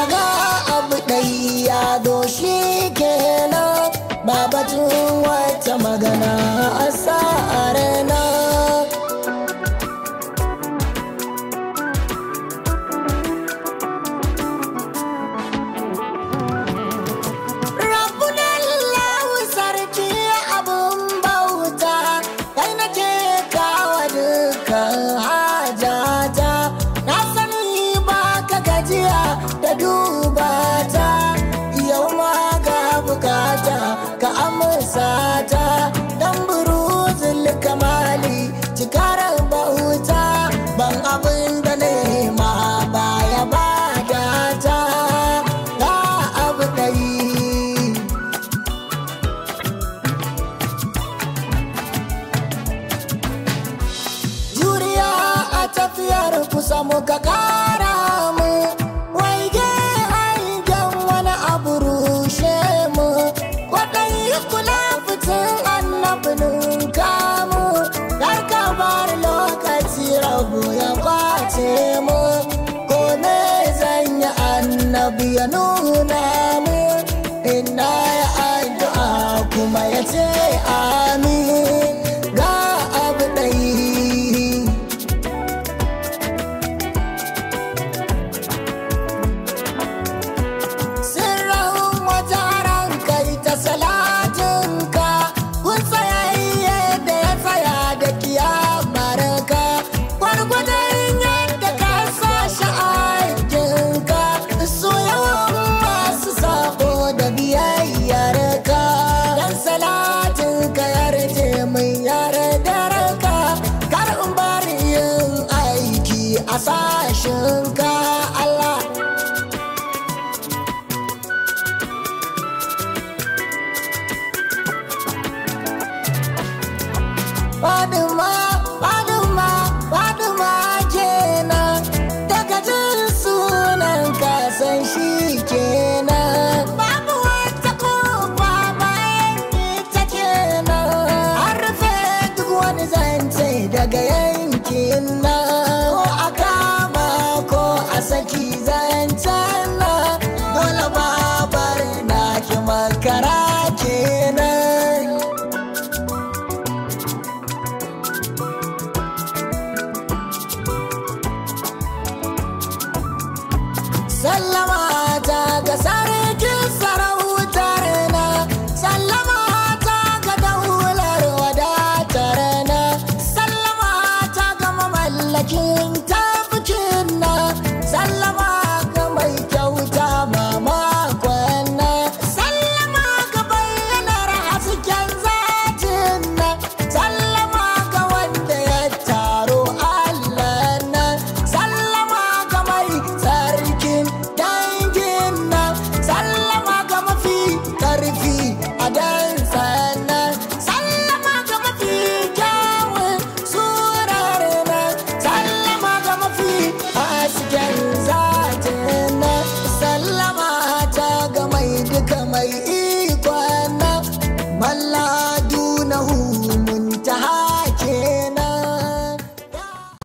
daga abu ɗai ya doshi ke wata magana tafiyar kusa mu ka kara mu waige hangen wani abu rushe mu kwaɗai kula fitin annabin kamu dar ka bar lokaci rabu ya kwace mu ko me zan yi annabi ya nuna Fadima, Fadima, Fadima kenan daga jin sunan kasan shi kenan. Babu wata kofa bayan ita kenan. An rufe duk wani zance daga yau. Salam